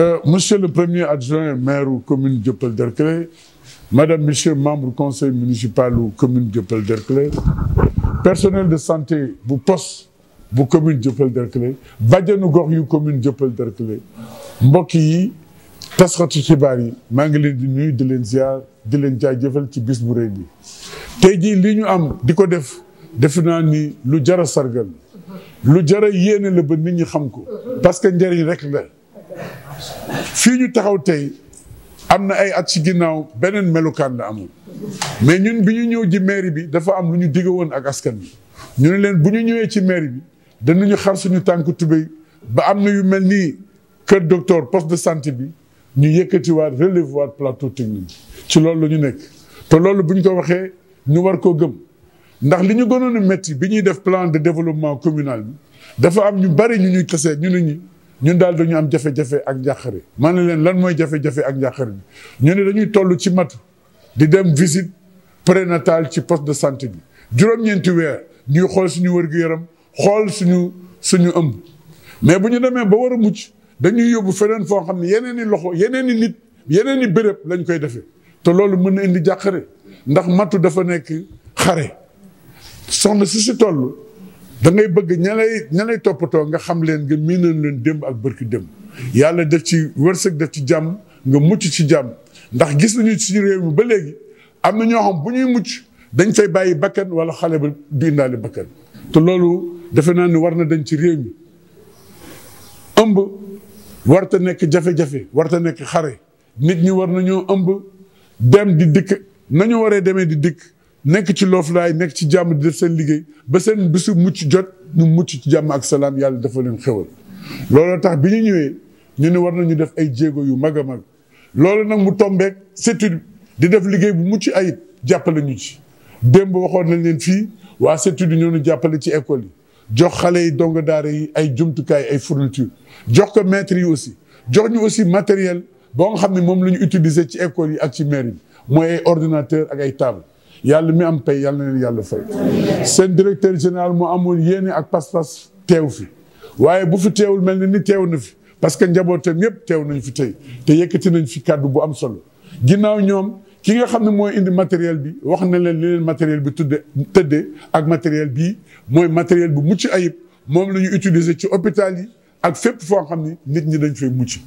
Euh, monsieur le premier adjoint maire ou commune Dieuppeul-Derklé, Madame, Monsieur, membre conseil municipal ou commune Dieuppeul-Derklé, personnel de santé bu poste bu commune Dieuppeul-Derklé, bajenu gox yu commune Dieuppeul-Derklé, mbokk taskatu xibaar yi maa ngi leen di nuyu di leen ziar di leen jëfal ci bis bu rëy bi tey jii li ñu am di ko def def naa ni lu jar a sargal lu jar a yéene la ba nit ñi xam ko parce que njëriñ rek la fii ñu taxaw tey am na ay at ci ginnaaw beneen melukaan la amul mais ñun bi ñu ñëw ji mairie bi dafa am lu ñu digg woon ak askan bi ñu ne leen bu ñu ñëwee ci mairie bi danañu xar suñu tànk tubéy ba am na yu mel nii kër docteur poste de santé bi ñu yëkkatiwaat relève waat plateau technique ci loolu la ñu nekk te loolu bu ñu ko waxee ñu war koo gëm ndax li ñu gënoon a métti bi ñuy def plan de développement communal bi dafa am ñu bari ñu ñuy kese ñu ne ñi ñun daal dañu am jafe-jafe ak njàqare ma ne leen lan mooy jafe-jafe ak njàqare bi ñu ne dañuy toll ci mat di dem visite prénatale ci poste de santé bi juróom-ñeenti weer ñuy xool suñu gi yaram xool suñu suñu ëmb mais bu ñu demee ba war a mucc dañuy yóbbu feneen foo xam ne yeneen loxo yeneen i nit yeneen i béréb lañ koy defee te loolu mën na indi jàqare ndax matu dafa nekk xare soxna si si toll dangay bëgg ña lay toppatoo nga xam leen nga miinal leen démb ak bërki démb yàlla def ci wërsëg def ci jàmm nga mucc ci jàmm ndax gis nañu suñu réew mi ba léegi am na ñoo xam bu ñuy mucc dañ fay bàyyi bakkan wala xale ba du indaale bakkan te loolu defe naa ni war na dañ ci réew mi warta nekk jafe-jafe warta nekk xare nit ñi war nañoo ëmb dem di dikk nañu waree demee di dikk nekk ci loof laay nekk ci jàmm di def seen liggéey ba seen bisu mucc jot ñu mucc jàmm ak salaam yàlla dafa leen xewal looloo tax bi ñu ñëwee ñu ne war nañu def ay jéego yu mag a mag loolu nag mu tombeek CETUD di def liggéey bu mucc ayib jàppale ñu ci démb waxoon nañ leen fii waa CETUD ñoo nu jàppale ci école yi jox xale yi donga daara yi ay jumtukaay ay fourniture jox ko maîtres yi aussi jox ñu aussi matériel boo nga xam ne moom la ñu utiliser ci école yi ak ci mairie mooy ay ordinateur ak ay table yàlla mi am pay yàlla yàlla fay seen directeur général moo amoon yéene ak pas-pas teew fi waaye bu fi teewul mel na ni teew na fi parce que njabootam yëpp teew nañ fi tey te yëkkati nañ fi kàddu bu am solo ginnaaw ñoom ki nga xam ne mooy indi matériel bi wax na leen li leen matériel bi tudde tëddee ak matériel bii mooy matériel bu mucc ayib moom la ñu utiliser ci hôpital yi ak fépp foo xam ni nit ñi dañ fay mucc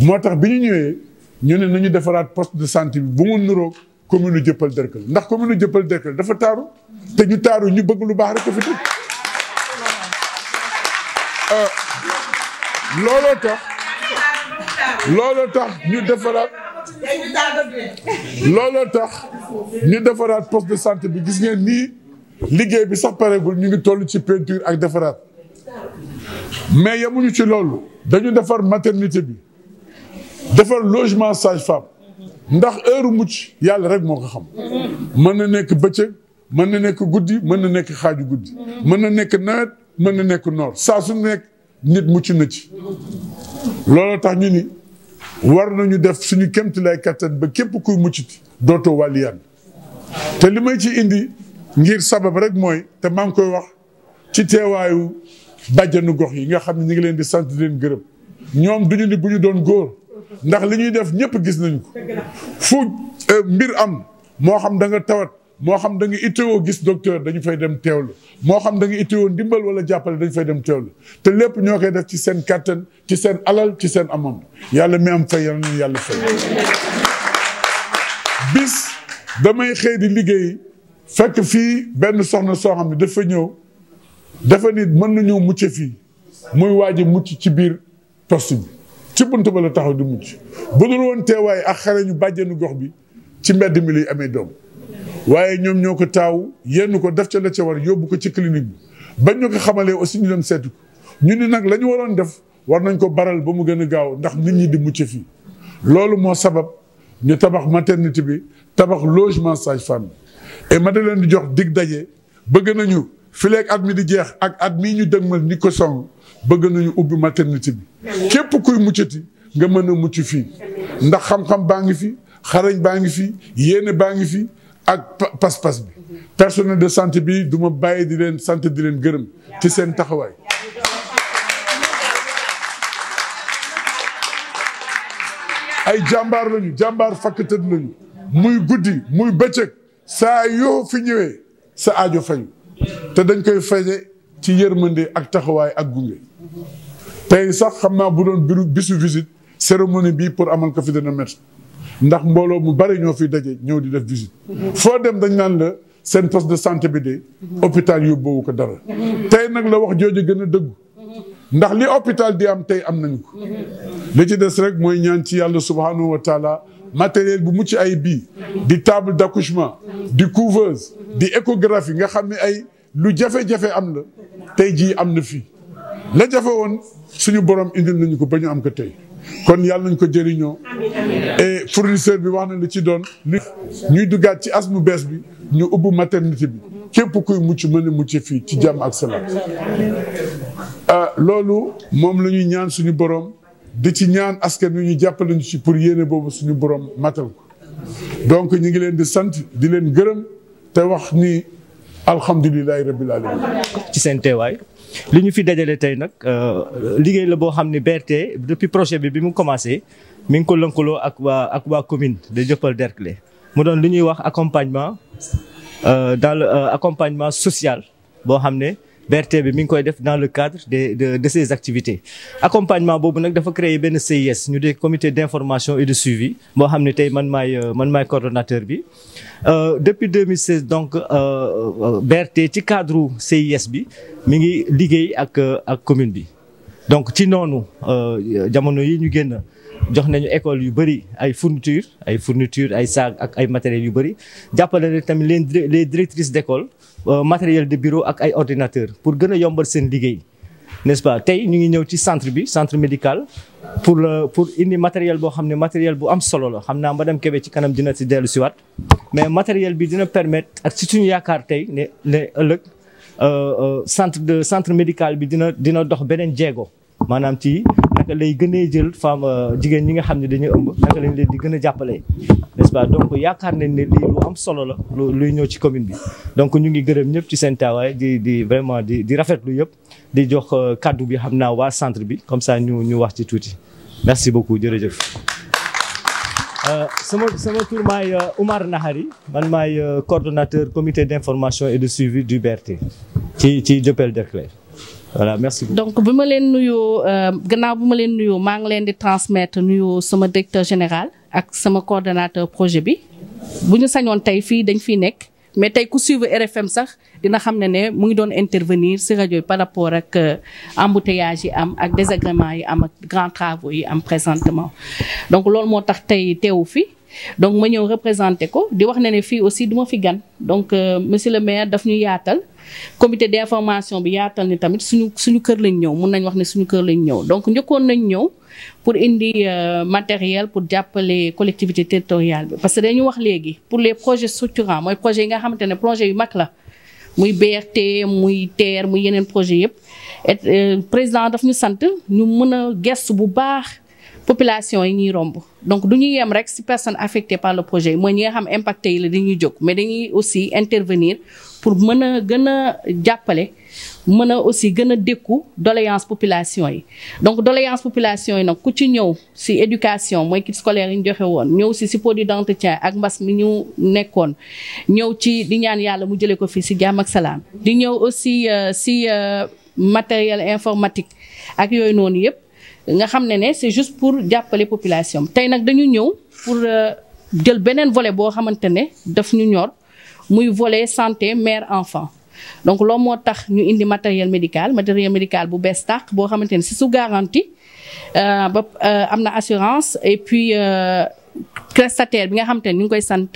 moo tax bi ñu ñëwee ñu ne nañu defaraat poste de santé bi bu mu nuroo commune u jëppal dërkal ndax commune jëppal dërkal dafa taaru te ñu taaru ñu bëgg lu baax rek a fi tëj euh, looloo tax looloo tax ñu defaraat looloo tax ñu defaraat poste de santé bi gis ngeen nii liggéey bi sax pareegul ñu ngi toll ci peinture ak defaraat mais yemuñu ci loolu dañu defar maternité bi defar logement sage-femme ndax heure mucc yàlla rek moo ko xam mën na nekk bëccëg mën na nekk guddi mën na nekk xaaju guddi mën na nekk nawet mën na nekk noor saa su nekk nit mucc na ci looloo tax ñu ni war nañu def suñu kéemtulaay kattan ba képp kuy mucciti dootoo wàlliyaan te li may ci indi ngir sabab rek mooy te maa ngi koy wax ci teewaayu bàjjanu gox yi nga xam ne ñu ngi leen di sant di leen gërëm ñoom duñu ni bu ñu doon góor ndax li ñuy def ñëpp gis nañ ko fu eh, mbir am moo xam danga nga tawat moo xam dangay nga itteewoo gis docteur dañu fay dem teewlu moo xam da nga itteewoo ndimbal wala jàppale dañu fay dem teewlu te lépp ñoo koy def ci seen kàttan ci seen alal ci seen amam yàlla mi am fay yal na yàlla fay bis damay xëy di liggéey fekk fii benn soxna soo xam ne dafa ñëw dafa nit mën ñëw mucce fii muy waaj a mucc ci biir poste bi ci buntu ba la taxaw di mucc bu dul woon teewaay ak xarañu bàjjenu gox bi ci mbedd mi lay amee doom waaye ñoom ñoo ko taaw yenn ko def ca la ca war yóbbu ko ci clinique bi bañ ñu ko xamalee aussi ñu dem seeti ko ñu ni nag la ñu waroon def war nañ ko baral ba mu gën a gaaw ndax nit ñi di mucc fii. loolu moo sabab ñu tabax maternité bi tabax logement sage-femme et ma da leen di jox digg daje bëgg nañu fileeg at mi di jeex ak at mii ñu dëgmal ni ko song bëgg nañu ubbi maternité bi. képp kuy muccati nga mën a mucc fii. ndax xam-xam baa ngi fi xarañ baa ngi fi yéene baa ngi fi. ak pas-pas bi personne de santé bi duma ma bàyyi di leen sant di leen gërëm ci seen taxawaay ay jàmbaar lañu jàmbaar fakkatat lañu muy guddi muy bëccëg saa yoo fi ñëwee sa aajo fayu te dañ koy faje ci yërmande ak taxawaay ak gunge tey sax xam naa bu doon biru bisu visite cérémonie bi pour amal ko fi dana métti ndax mbooloo mu bari ñoo fi daje ñëw di def visite. foo dem dañ naan la seen poste de santé bi de. hôpital yóbboowu ko dara. tey nag la wax jooju gën a dëggu. ndax li hôpital di am tey am nañu ko. li ci des rek mooy ñaan ci yàlla subhanahu wa taala matériel bu mucc ay bii. di table d'accouchement. di couveuse. di échographie nga xam ne ay lu jafe-jafe am la. tey jii am na fii. la jafe woon suñu borom indil nañu ko ba ñu am ko tey. kon yàlla nañ ko jëriñoo et fournisseur bi wax na li ci doon li ñuy duggaat ci as mu bees bi ñu ubbu maternité bi képp kuy mucc mën a mucc fii ci jàmm ak salaam ah, loolu moom la ñuy ñaan suñu borom di ci ñaan askan wi ñu jàppale ñu ci pour yéene boobu suñu borom matal ko donc ñu ngi leen di sant di leen gërëm te wax ni alhamdulilahi rabbil alamin ci seen teewaay li ñu fi dajalee tey nag euh, liggéey la boo xam ne BRT depuis projet bi bi mu commencé mi ngi ko lënkaloo ak waa ak waa commune de Dieuppeul Derklé mu doon li ñuy wax accompagnement euh, dans le euh, accompagnement sociale boo xam ne BRT bi mi ngi koy def dans le cadre de de de ses activités accompagnement boobu nag dafa créer benn CIS ñu dee comité d'information et de suivi moo xam ne tey man maay euh, man maay coordonnateur bi euh, depuis 2016 donc euh, BRT ci cadre CIS bi mi ngi liggéey ak ak commune bi donc ci noonu jamono yi ñu génn jox nañu école yu bëri ay fourniture ay fourniture ay saag ak ay matériels yu bëri jàppale tamit les les directrices d'école Euh, matériel de bureau ak ay ordinateur pour gën a yombal seen liggéey n'est-ce pas tey ñu ngi ñëw ci centre bi centre médical pour la pour indi matériel boo xam ne matériel bu am solo la xam naa ma dem Kébé ci kanam dina si dellu si waat mais matériel bi dina permettre ak si suñu yaakaar tey ne ne ëllëg euh, euh, centre de centre médical bi dina dina dox beneen jéego maanaam ci naka lay gënee jël femme euh, jigéen ñi nga xam ne dañu ëmb naka lañ leen di gën a jàppale n'est-ce pas donc yaakaar nañ ne am solo la luy ñëw ci commune bi donc ñu ngi gërëm ñëpp ci seen taawaay di di vraiment di di rafetlu yëpp di jox euh, kàddu bi xam naa waa centre bi comme ça ñu ñu wax ci tuuti merci beaucoup jërëjëf euh, sama sama tur maay Oumar Nahari man maay coordonnateur comité d'information et de suivi du ci ci Dieuppeul-Derklé voilà donc bi ma leen nuyoo euh, gannaaw bi ma leen nuyoo maa ngi leen di transmettre nuyoo sama directeur général ak sama coordonnateur projet bi bu ñu sañoon tey fii dañ fiy nekk mais tey ku suivre RFM sax dina xam ne ne mu ngi doon intervenir si rajo yi par rapport ak euh, embouteillage yi am ak désagrément yi am ak grands travaux yi am présentement donc loolu moo tax tey teewu fii donc ma ñëw représenté ko di wax ne ne fii aussi du ma fi gan donc euh, monsieur le maire daf ñu yaatal comité d'information bi yaatal ni tamit suñu suñu kër lañ ñëw mun nañ wax ne suñu kër lañ ñëw donc njëkkoon nañ ñëw pour indi euh, matériel pour jàppale collectivité territoriale bi parce que dañu wax léegi pour les projets structurants mooy projets yi nga xamante ne projets yu mag la muy te muy TER muy yeneen projet yëpp euh, président daf ñu sant ñu mën a gestu bu baax population yi ñuy romb donc du ñu yem rek ci personnes affectées par le projet mooy ñi nga xam impacté yi la dañuy jóg mais dañuy aussi intervenir pour mën a gën a jàppale mën a aussi gën a dékku doléance population yi donc doléance population yi nag ku ci ñëw si éducation mooy kit scolaire yi ñu joxe woon ñëw si ci produit d'entretien ak mbas mi ñu nekkoon ñëw ci di ñaan yàlla mu jëlee ko fii si jàmm ak salaam di ñëw aussi euh, ci euh, matériel informatique ak yooyu noonu yépp nga xam ne ne c'est juste pour jàppale population tey nag dañu ñëw pour euh, jël beneen vole boo xamante ne daf ñu ñor muy volet santé mère enfant donc loolu moo tax ñu indi matériel médical matériel médical bu bees tàq boo xamante ne si su garantie euh, ba euh, am na assurance et puis prestataire bi nga xamante ne ñu ngi koy sant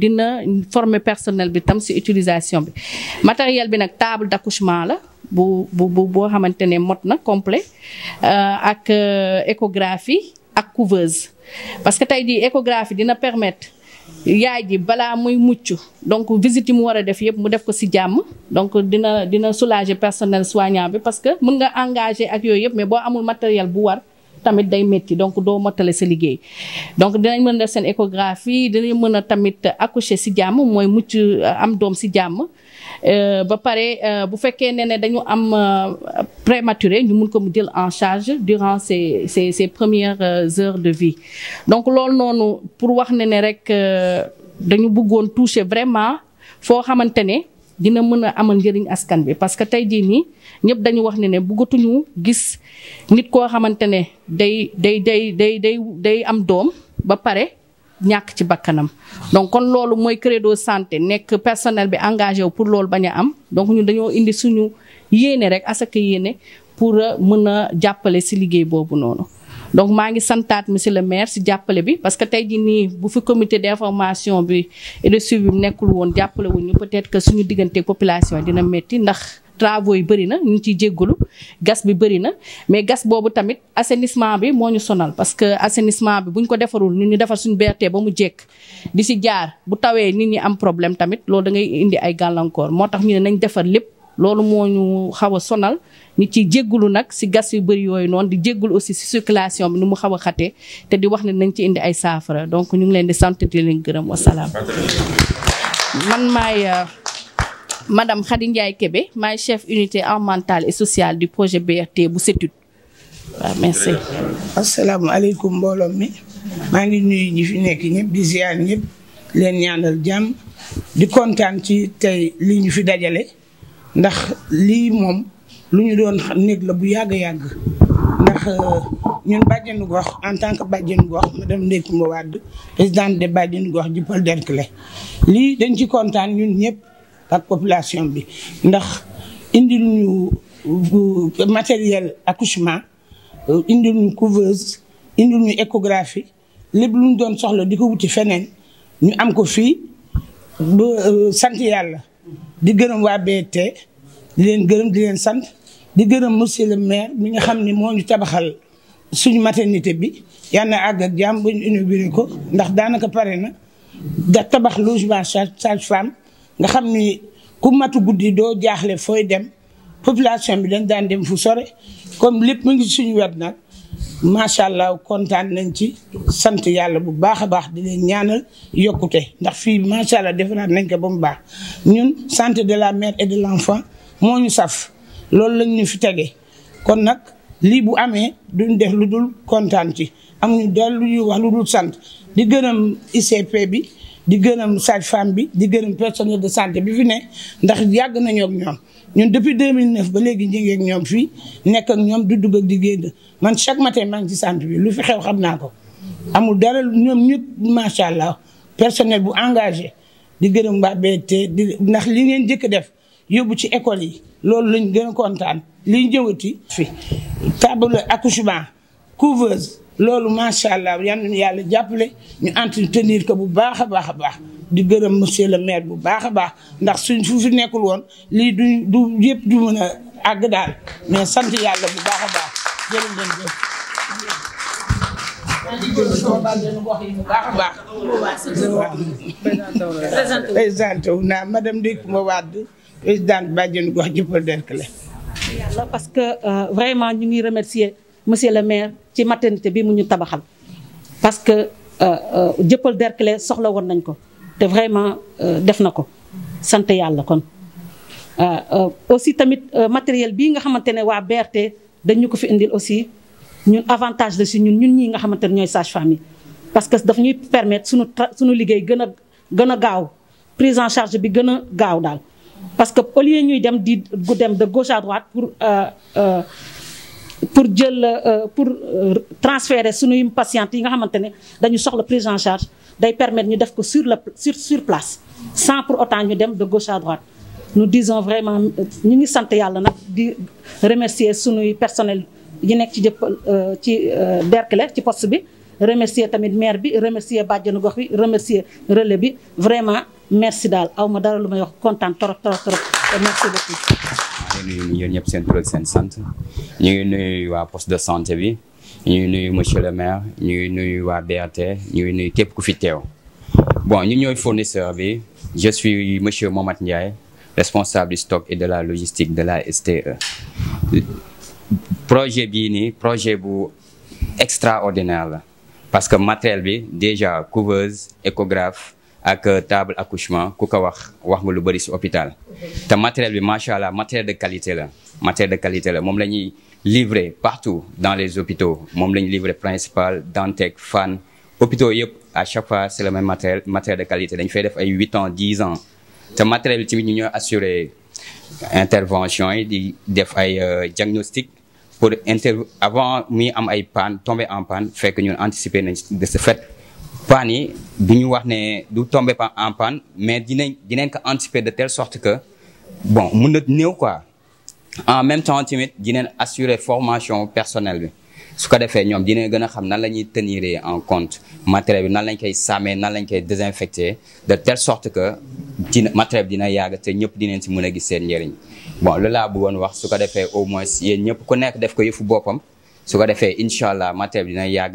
dina former personnel bi tam si utilisation bi matériel bi nag table d'accouchement la bu bu bu boo xamante ne mot na complet euh, ak euh, échographie ak couveuse parce que tey jii écographie dina permettre yaay ji balaa muy mucc donc visite yi mu war a def yëpp mu def ko si jàmm donc dina dina soulager personnel soignant bi parce que mun nga engagé ak yooyu yëpp mais boo amul matériel bu war tamit day métti donc doo mottale sa liggéey donc dinañ mën a def seen échographie dinañ mën a tamit accoucher si jàmm mooy mucc am doom si jàmm Euh, ba pare euh, bu fekkee ne ne dañu am euh, prématuré ñu mun ko mu jël en charge durant ces ces ces premières heures de vie donc loolu noonu pour wax ne ne rek dañu bëggoon toucher vraiment foo xamante ne dina mën a amal njëriñ askan bi parce que tey jii nii ñëpp dañu wax ne ne bëggatuñu gis nit koo xamante ne day day day day day day am doom ba pare ñàkk ci bakkanam donc kon loolu mooy crédo santé nekk personnel bi engagé wu pour loolu bañ a am donc ñun dañoo indi suñu yéene rek asaka yéene pour mën a jàppale si liggéey boobu noonu. donc maa ngi santaat si le maire si jàppale bi parce que tey jii nii bu fi comité d' information bi et de suivi nekkul woon jàppale wuñu peut-être que suñu diggante population dina métti ndax. travaux yi bëri na ñu ngi ciy jéggulu gas bi bëri na mais gas boobu tamit assainissement bi moo ñu sonal parce que assainissement bi bu ñu ko defarul ñun ñu defar suñu BRT ba mu jekk di si jaar bu tawee nit ñi am problème tamit da ngay indi ay gàllankoor moo tax ñu ne nañ defar lépp loolu moo ñu xaw a sonal ñu ci jéggulu nag si gas yu bëri yooyu noonu di jéggulu aussi si circulation bi ni mu xaw a xatee te di wax ne nañ ci indi ay saafara donc ñu ngi leen di sant di leen gërëm wasalaam man maay euh, madame Khady Ndiaye kebe maay chef unité environnementale et sociale du projet BRT bu CETUD waaw merci. asalaamualeykum mbooloo mi maa ngi nuyu ñi fi nekk ñëpp di ziar ñëpp leen ñaanal jàmm di kontaan ci tey lii ñu fi dajale ndax lii moom lu ñu doon néeg la bu yàgg yàgg ndax euh, ñun bàjjenu gox en tant que bàjjenu gox madame Ndeye Coumba Wade présidente de bàjjenu gox Dieuppeul le lii dañ ci kontaan ñun ñëpp. ak population bi ndax indi ñu matériel accouchement euh, indil ñu couveuse indil ñu échographie lépp lu ñu doon soxla di ko wuti feneen ñu am ko fii euh, sant yàlla di gërëm waa BT di leen gërëm di leen sant di gërëm monsieur le maire mi nga xam ni moo ñu tabaxal suñu maternité bi yal na àgg ak jàmm ba ñu inauguré ko ndax daanaka pare na da tabax logement sage femme nga xam ni ku matu guddi doo jaaxle fooy dem population bi dañ daan dem fu sore comme lépp mu ngi suñu wet nag macha allah kontaan nañ ci sant yàlla bu baax a baax di leen ñaanal yokkute ndax fii macha allah defaraat nañ ko ba mu baax ñun santé de la mère et de l' moo ñu saf loolu lañ ñu fi tege kon nag lii bu amee duñ def lu dul kontaan ci amuñu dal lu ñuy sant di gërëm ICP bi. di gërëm sage-femme bi di gënëm personel de santé bi fi ne ndax yàgg nañoo ak ñoom ñun depuis 2009 ba léegi ñu ñoom fii nekk ñoom du dugg di génn man chaque matin maa ngi ci centre bi lu fi xew xam naa ko. amul dara ñoom ñëpp macha allah personnel bu engagé di gënëm waa BT di ndax li ngeen njëkk def yóbbu ci école yi loolu lañ gën a kontaan li ñu jëwati fi table accouchement couveuse. loolu macha allah yal nañu yàlla jàppale ñu entretenir ko bu baax a baax a baax di gërëm monsieur le maire bu baax a baax ndax suñ fu fi nekkul woon lii du du yëpp du mën a àgg daal mais sant yàlla bu baax a baax jërë ngeen jëf. présenté wu naa madame Ndeye Wade présidente Badiane gox Dieuppeul Derklé. yàlla parce que euh, vraiment ñu ngi remercier monsieur le maire ci maternité bi mu ñu tabaxal parce que jëppal euh, euh, Derklé soxla woon nañ ko te vraiment euh, def na ko sant yàlla kon aussi tamit matériel bii nga xamante ne waa dañ ñu ko fi indil aussi ñun avantage la si ñun ñun ñii nga xamante ne ñooy sage-femme yi parce que daf ñuy permettre suñu suñu liggéey gën a gën a gaaw prise en charge bi gën a gaaw daal parce que au lieu ñuy dem di dem de gauche à droite pour pour jël euh, pour euh, transférer suñuy patientes yi nga xamante ne dañu soxla prise en charge day permettre ñu def ko sur la sur sur place sans pour autant ñu dem de gauche à droite nous disons vraiment ñu ngi sant yàlla nag di remercier suñuy personnel yi nekk ci jëpp euh, ci Derklé ci poste bi remercier tamit maire bi remercier bàjjenu gox bi remercier relais bi vraiment merci daal awma dara lu may wax kontaan trop trop trop merci beaucoup nuyu yéen ñëpp seen tur ak seen sant ñu ngi nuyu waa poste de santé bi ñu ngi nuyu monsieur le maire ñu ngi nuyu waa BRT ñu ngi nuyu képp ku fi teew bon ñu ñooy fournisseur bi je suis monsieur Momath Ndiaye responsable du stock et de la logistique de la STE projet bii nii projet bu extraordinaire la parce que matériel bi déjà couveuse échographe ak table accouchement ku ko wax wax nga lu bëri si hôpital te matériel bi macha allah matériel de qualité la matériel de qualité la moom la ñuy livrer partout dans les hôpitaux moom la ñuy livrer principal Dantec Fann hôpitaux yëpp chaque fois c'est le même matériel de qualité dañu fay def ay huit ans ans te matériel yi di def ay euh, diagnostic pour inter avant muy am ay panne tombé en panne fekk ñun anticiper nañ de ce fait panne yi du ñu wax en panne mais dinañ dinañ de telle sorte que bon mun na néew quoi en même temps tamit dinañ assurer formation personnel bi su ko defee ñoom dinañ gën a xam nan la ñuy tenir en compte matériel bi nan lañ koy sàmmee nan lañ koy désinfecter de telle sorte que dina matériel bi dina yàgg te ñëpp dinañ si mën a gis njëriñ bon loolu laa buggoon wax su ko defee au moins yéen ñëpp ku nekk def ko yëfu boppam su ko defee incha allah matériel bi dina yàgg.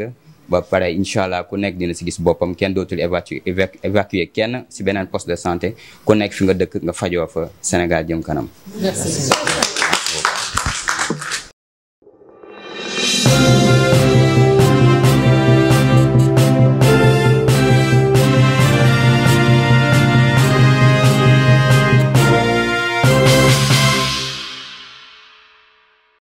ba pare incha allah ku nekk dina si gis boppam kenn dootul évacuer évacuer kenn si beneen poste de santé ku nekk fi nga dëkk nga fajoo fa Sénégal jëm kanam.